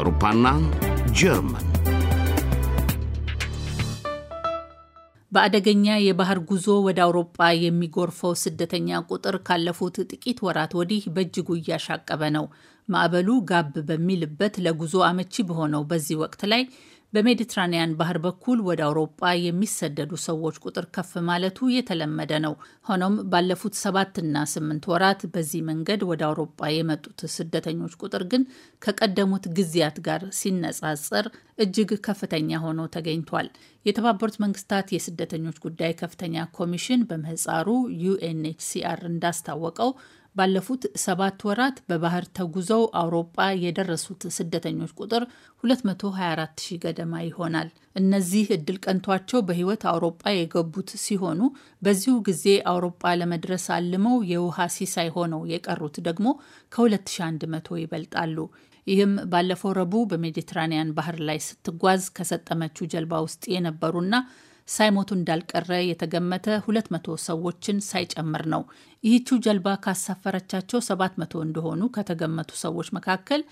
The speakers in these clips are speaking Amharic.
አውሮፓና ጀርመን በአደገኛ የባህር ጉዞ ወደ አውሮጳ የሚጎርፈው ስደተኛ ቁጥር ካለፉት ጥቂት ወራት ወዲህ በእጅጉ እያሻቀበ ነው። ማዕበሉ ጋብ በሚልበት ለጉዞ አመቺ በሆነው በዚህ ወቅት ላይ በሜዲትራኒያን ባህር በኩል ወደ አውሮጳ የሚሰደዱ ሰዎች ቁጥር ከፍ ማለቱ የተለመደ ነው። ሆኖም ባለፉት ሰባትና ስምንት ወራት በዚህ መንገድ ወደ አውሮጳ የመጡት ስደተኞች ቁጥር ግን ከቀደሙት ጊዜያት ጋር ሲነጻጸር እጅግ ከፍተኛ ሆኖ ተገኝቷል። የተባበሩት መንግስታት የስደተኞች ጉዳይ ከፍተኛ ኮሚሽን በምህፃሩ ዩኤንኤችሲአር እንዳስታወቀው ባለፉት ሰባት ወራት በባህር ተጉዘው አውሮጳ የደረሱት ስደተኞች ቁጥር 224 ሺህ ገደማ ይሆናል። እነዚህ እድል ቀንቷቸው በህይወት አውሮጳ የገቡት ሲሆኑ በዚሁ ጊዜ አውሮጳ ለመድረስ አልመው የውሃ ሲሳይ ሆነው የቀሩት ደግሞ ከ2100 ይበልጣሉ። ይህም ባለፈው ረቡዕ በሜዲትራኒያን ባህር ላይ ስትጓዝ ከሰጠመችው ጀልባ ውስጥ የነበሩና ሳይሞቱ እንዳልቀረ የተገመተ 200 ሰዎችን ሳይጨምር ነው። ይህችው ጀልባ ካሳፈረቻቸው 700 እንደሆኑ ከተገመቱ ሰዎች መካከል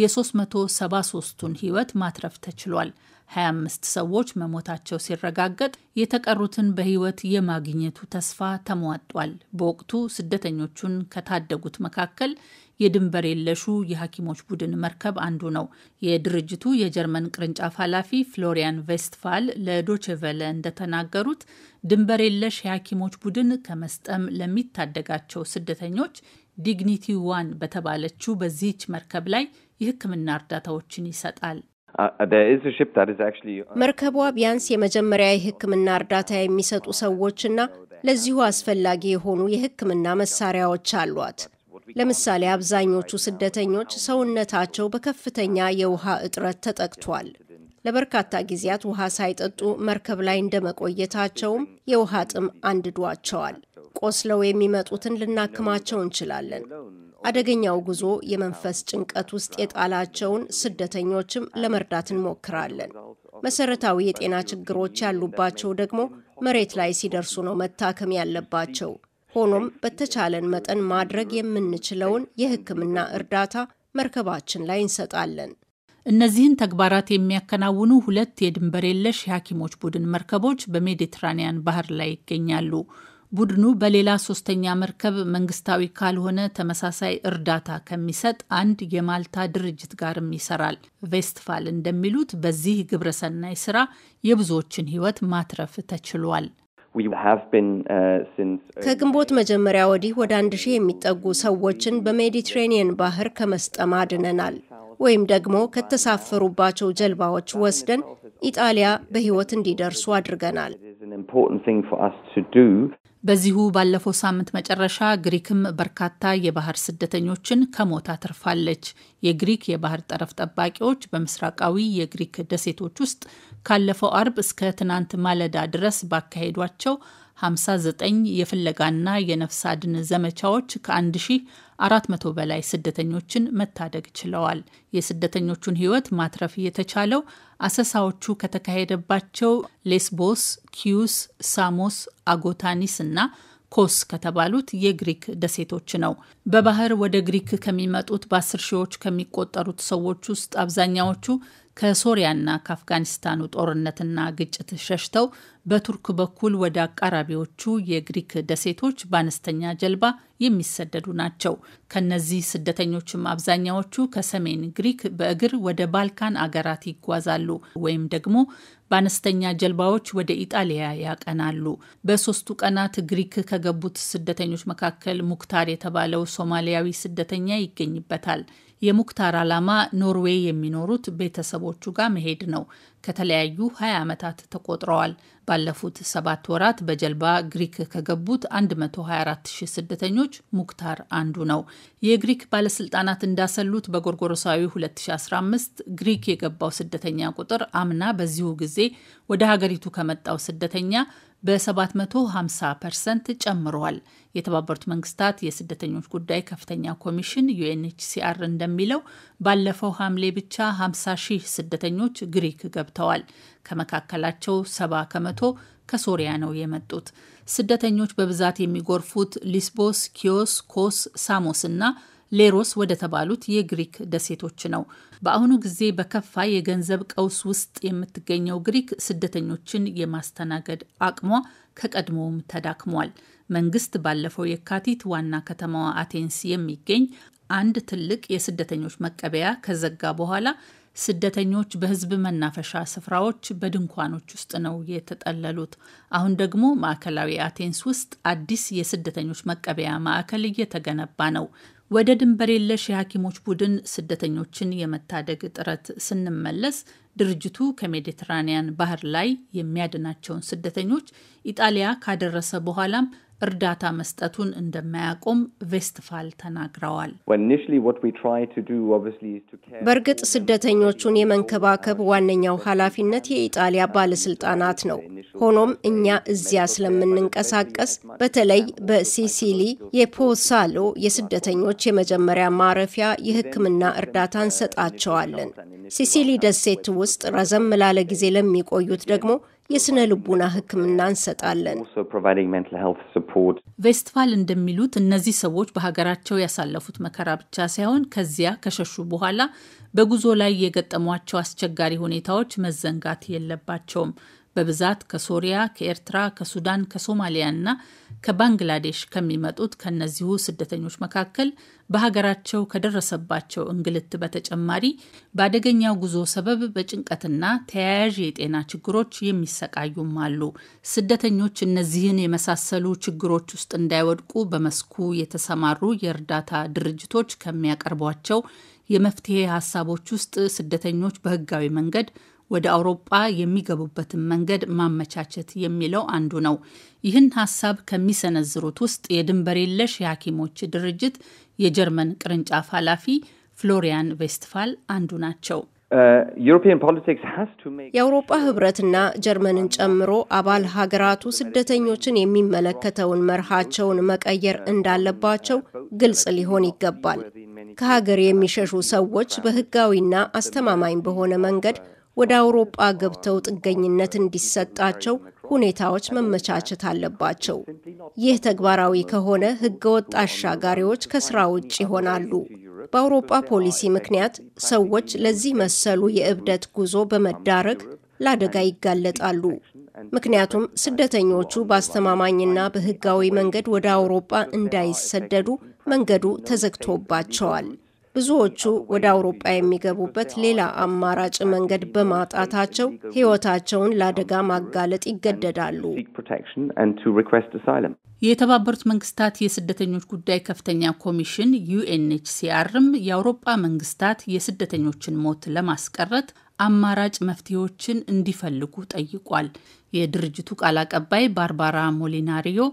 የ373ቱን ሕይወት ማትረፍ ተችሏል። 25 ሰዎች መሞታቸው ሲረጋገጥ የተቀሩትን በሕይወት የማግኘቱ ተስፋ ተሟጧል። በወቅቱ ስደተኞቹን ከታደጉት መካከል የድንበር የለሹ የሐኪሞች ቡድን መርከብ አንዱ ነው። የድርጅቱ የጀርመን ቅርንጫፍ ኃላፊ ፍሎሪያን ቬስትፋል ለዶችቨለ እንደተናገሩት ድንበር የለሽ የሐኪሞች ቡድን ከመስጠም ለሚታደጋቸው ስደተኞች ዲግኒቲ ዋን በተባለችው በዚህች መርከብ ላይ የሕክምና እርዳታዎችን ይሰጣል። uh, uh, uh, መርከቧ ቢያንስ የመጀመሪያ የሕክምና እርዳታ የሚሰጡ ሰዎችና ለዚሁ አስፈላጊ የሆኑ የሕክምና መሳሪያዎች አሏት። ለምሳሌ አብዛኞቹ ስደተኞች ሰውነታቸው በከፍተኛ የውሃ እጥረት ተጠቅቷል። ለበርካታ ጊዜያት ውሃ ሳይጠጡ መርከብ ላይ እንደመቆየታቸውም የውሃ ጥም አንድዷቸዋል። ቆስለው የሚመጡትን ልናክማቸው እንችላለን። አደገኛው ጉዞ የመንፈስ ጭንቀት ውስጥ የጣላቸውን ስደተኞችም ለመርዳት እንሞክራለን። መሰረታዊ የጤና ችግሮች ያሉባቸው ደግሞ መሬት ላይ ሲደርሱ ነው መታከም ያለባቸው። ሆኖም በተቻለን መጠን ማድረግ የምንችለውን የሕክምና እርዳታ መርከባችን ላይ እንሰጣለን። እነዚህን ተግባራት የሚያከናውኑ ሁለት የድንበር የለሽ የሐኪሞች ቡድን መርከቦች በሜዲትራኒያን ባህር ላይ ይገኛሉ። ቡድኑ በሌላ ሶስተኛ መርከብ መንግስታዊ ካልሆነ ተመሳሳይ እርዳታ ከሚሰጥ አንድ የማልታ ድርጅት ጋርም ይሰራል። ቬስትፋል እንደሚሉት በዚህ ግብረሰናይ ስራ የብዙዎችን ህይወት ማትረፍ ተችሏል። Uh, uh, ከግንቦት መጀመሪያ ወዲህ ወደ አንድ ሺህ የሚጠጉ ሰዎችን በሜዲትሬኒየን ባህር ከመስጠም አድነናል ወይም ደግሞ ከተሳፈሩባቸው ጀልባዎች ወስደን ኢጣሊያ በሕይወት እንዲደርሱ አድርገናል። በዚሁ ባለፈው ሳምንት መጨረሻ ግሪክም በርካታ የባህር ስደተኞችን ከሞት አትርፋለች። የግሪክ የባህር ጠረፍ ጠባቂዎች በምስራቃዊ የግሪክ ደሴቶች ውስጥ ካለፈው አርብ እስከ ትናንት ማለዳ ድረስ ባካሄዷቸው 59 የፍለጋና የነፍስ አድን ዘመቻዎች ከ1400 በላይ ስደተኞችን መታደግ ችለዋል። የስደተኞቹን ሕይወት ማትረፍ የተቻለው አሰሳዎቹ ከተካሄደባቸው ሌስቦስ፣ ኪዩስ፣ ሳሞስ፣ አጎታኒስ እና ኮስ ከተባሉት የግሪክ ደሴቶች ነው። በባህር ወደ ግሪክ ከሚመጡት በአስር ሺዎች ከሚቆጠሩት ሰዎች ውስጥ አብዛኛዎቹ ከሶሪያና ከአፍጋኒስታኑ ጦርነትና ግጭት ሸሽተው በቱርክ በኩል ወደ አቃራቢዎቹ የግሪክ ደሴቶች በአነስተኛ ጀልባ የሚሰደዱ ናቸው። ከነዚህ ስደተኞችም አብዛኛዎቹ ከሰሜን ግሪክ በእግር ወደ ባልካን አገራት ይጓዛሉ ወይም ደግሞ በአነስተኛ ጀልባዎች ወደ ኢጣሊያ ያቀናሉ። በሶስቱ ቀናት ግሪክ ከገቡት ስደተኞች መካከል ሙክታር የተባለው ሶማሊያዊ ስደተኛ ይገኝበታል። የሙክታር ዓላማ ኖርዌይ የሚኖሩት ቤተሰቦቹ ጋር መሄድ ነው። ከተለያዩ 20 ዓመታት ተቆጥረዋል። ባለፉት ሰባት ወራት በጀልባ ግሪክ ከገቡት ሺህ ስደተኞች ሙክታር አንዱ ነው። የግሪክ ባለስልጣናት እንዳሰሉት በጎርጎሮሳዊ 2015 ግሪክ የገባው ስደተኛ ቁጥር አምና በዚሁ ጊዜ ወደ ሀገሪቱ ከመጣው ስደተኛ በ750 ፐርሰንት ጨምረዋል። የተባበሩት መንግስታት የስደተኞች ጉዳይ ከፍተኛ ኮሚሽን ዩኤንኤችሲአር እንደሚለው ባለፈው ሐምሌ ብቻ 50 ሺህ ስደተኞች ግሪክ ገብተዋል። ገብተዋል። ከመካከላቸው ሰባ ከመቶ ከሶሪያ ነው የመጡት። ስደተኞች በብዛት የሚጎርፉት ሊስቦስ፣ ኪዮስ፣ ኮስ፣ ሳሞስ እና ሌሮስ ወደ ተባሉት የግሪክ ደሴቶች ነው። በአሁኑ ጊዜ በከፋ የገንዘብ ቀውስ ውስጥ የምትገኘው ግሪክ ስደተኞችን የማስተናገድ አቅሟ ከቀድሞውም ተዳክሟል። መንግስት ባለፈው የካቲት ዋና ከተማዋ አቴንስ የሚገኝ አንድ ትልቅ የስደተኞች መቀበያ ከዘጋ በኋላ ስደተኞች በህዝብ መናፈሻ ስፍራዎች በድንኳኖች ውስጥ ነው የተጠለሉት። አሁን ደግሞ ማዕከላዊ አቴንስ ውስጥ አዲስ የስደተኞች መቀበያ ማዕከል እየተገነባ ነው። ወደ ድንበር የለሽ የሐኪሞች ቡድን ስደተኞችን የመታደግ ጥረት ስንመለስ ድርጅቱ ከሜዲትራኒያን ባህር ላይ የሚያድናቸውን ስደተኞች ኢጣሊያ ካደረሰ በኋላም እርዳታ መስጠቱን እንደማያቆም ቬስትፋል ተናግረዋል። በእርግጥ ስደተኞቹን የመንከባከብ ዋነኛው ኃላፊነት የኢጣሊያ ባለስልጣናት ነው። ሆኖም እኛ እዚያ ስለምንንቀሳቀስ በተለይ በሲሲሊ የፖሳሎ የስደተኞች የመጀመሪያ ማረፊያ የሕክምና እርዳታ እንሰጣቸዋለን። ሲሲሊ ደሴት ውስጥ ረዘም ላለ ጊዜ ለሚቆዩት ደግሞ የስነ ልቡና ሕክምና እንሰጣለን። ቬስትፋል እንደሚሉት እነዚህ ሰዎች በሀገራቸው ያሳለፉት መከራ ብቻ ሳይሆን ከዚያ ከሸሹ በኋላ በጉዞ ላይ የገጠሟቸው አስቸጋሪ ሁኔታዎች መዘንጋት የለባቸውም። በብዛት ከሶሪያ፣ ከኤርትራ፣ ከሱዳን፣ ከሶማሊያ እና ከባንግላዴሽ ከሚመጡት ከነዚሁ ስደተኞች መካከል በሀገራቸው ከደረሰባቸው እንግልት በተጨማሪ በአደገኛው ጉዞ ሰበብ በጭንቀትና ተያያዥ የጤና ችግሮች የሚሰቃዩም አሉ። ስደተኞች እነዚህን የመሳሰሉ ችግሮች ውስጥ እንዳይወድቁ በመስኩ የተሰማሩ የእርዳታ ድርጅቶች ከሚያቀርቧቸው የመፍትሄ ሀሳቦች ውስጥ ስደተኞች በህጋዊ መንገድ ወደ አውሮጳ የሚገቡበትን መንገድ ማመቻቸት የሚለው አንዱ ነው። ይህን ሀሳብ ከሚሰነዝሩት ውስጥ የድንበር የለሽ የሐኪሞች ድርጅት የጀርመን ቅርንጫፍ ኃላፊ ፍሎሪያን ቬስትፋል አንዱ ናቸው። uh, የአውሮጳ ህብረትና ጀርመንን ጨምሮ አባል ሀገራቱ ስደተኞችን የሚመለከተውን መርሃቸውን መቀየር እንዳለባቸው ግልጽ ሊሆን ይገባል። ከሀገር የሚሸሹ ሰዎች በህጋዊና አስተማማኝ በሆነ መንገድ ወደ አውሮጳ ገብተው ጥገኝነት እንዲሰጣቸው ሁኔታዎች መመቻቸት አለባቸው። ይህ ተግባራዊ ከሆነ ህገወጥ አሻጋሪዎች ከስራ ውጭ ይሆናሉ። በአውሮጳ ፖሊሲ ምክንያት ሰዎች ለዚህ መሰሉ የእብደት ጉዞ በመዳረግ ለአደጋ ይጋለጣሉ። ምክንያቱም ስደተኞቹ በአስተማማኝና በህጋዊ መንገድ ወደ አውሮጳ እንዳይሰደዱ መንገዱ ተዘግቶባቸዋል። ብዙዎቹ ወደ አውሮጳ የሚገቡበት ሌላ አማራጭ መንገድ በማጣታቸው ሕይወታቸውን ለአደጋ ማጋለጥ ይገደዳሉ። የተባበሩት መንግስታት የስደተኞች ጉዳይ ከፍተኛ ኮሚሽን ዩኤንኤችሲአርም የአውሮጳ መንግስታት የስደተኞችን ሞት ለማስቀረት አማራጭ መፍትሄዎችን እንዲፈልጉ ጠይቋል። የድርጅቱ ቃል አቀባይ ባርባራ ሞሊናሪዮ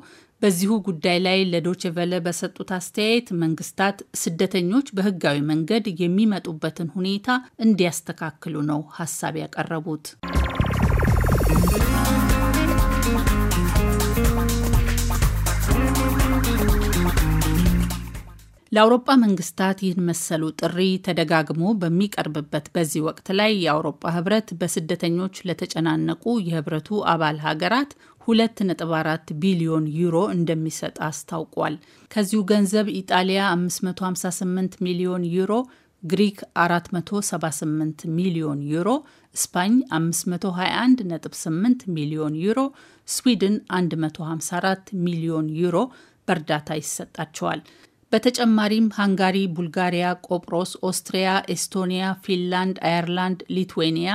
በዚሁ ጉዳይ ላይ ለዶችቨለ በሰጡት አስተያየት መንግስታት ስደተኞች በህጋዊ መንገድ የሚመጡበትን ሁኔታ እንዲያስተካክሉ ነው ሀሳብ ያቀረቡት። ለአውሮጳ መንግስታት ይህን መሰሉ ጥሪ ተደጋግሞ በሚቀርብበት በዚህ ወቅት ላይ የአውሮጳ ህብረት በስደተኞች ለተጨናነቁ የህብረቱ አባል ሀገራት 2.4 ቢሊዮን ዩሮ እንደሚሰጥ አስታውቋል። ከዚሁ ገንዘብ ኢጣሊያ 558 ሚሊዮን ዩሮ፣ ግሪክ 478 ሚሊዮን ዩሮ፣ ስፓኝ 521.8 ሚሊዮን ዩሮ፣ ስዊድን 154 ሚሊዮን ዩሮ በእርዳታ ይሰጣቸዋል። በተጨማሪም ሃንጋሪ፣ ቡልጋሪያ፣ ቆጵሮስ፣ ኦስትሪያ፣ ኤስቶኒያ፣ ፊንላንድ፣ አየርላንድ፣ ሊትዌኒያ፣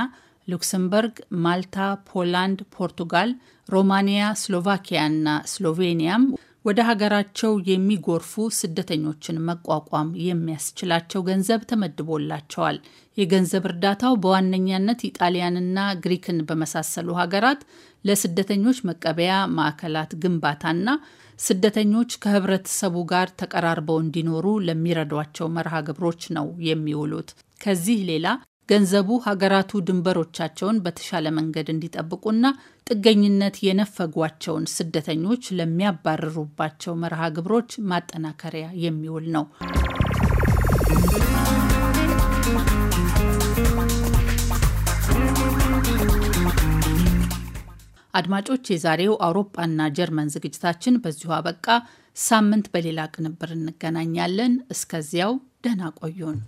ሉክሰምበርግ፣ ማልታ፣ ፖላንድ፣ ፖርቱጋል፣ ሮማንያ፣ ስሎቫኪያ እና ስሎቬኒያም ወደ ሀገራቸው የሚጎርፉ ስደተኞችን መቋቋም የሚያስችላቸው ገንዘብ ተመድቦላቸዋል። የገንዘብ እርዳታው በዋነኛነት ኢጣሊያንና ግሪክን በመሳሰሉ ሀገራት ለስደተኞች መቀበያ ማዕከላት ግንባታና ስደተኞች ከህብረተሰቡ ጋር ተቀራርበው እንዲኖሩ ለሚረዷቸው መርሃ ግብሮች ነው የሚውሉት። ከዚህ ሌላ ገንዘቡ ሀገራቱ ድንበሮቻቸውን በተሻለ መንገድ እንዲጠብቁና ጥገኝነት የነፈጓቸውን ስደተኞች ለሚያባርሩባቸው መርሃ ግብሮች ማጠናከሪያ የሚውል ነው። አድማጮች፣ የዛሬው አውሮፓና ጀርመን ዝግጅታችን በዚሁ አበቃ። ሳምንት በሌላ ቅንብር እንገናኛለን። እስከዚያው ደህና ቆዩን።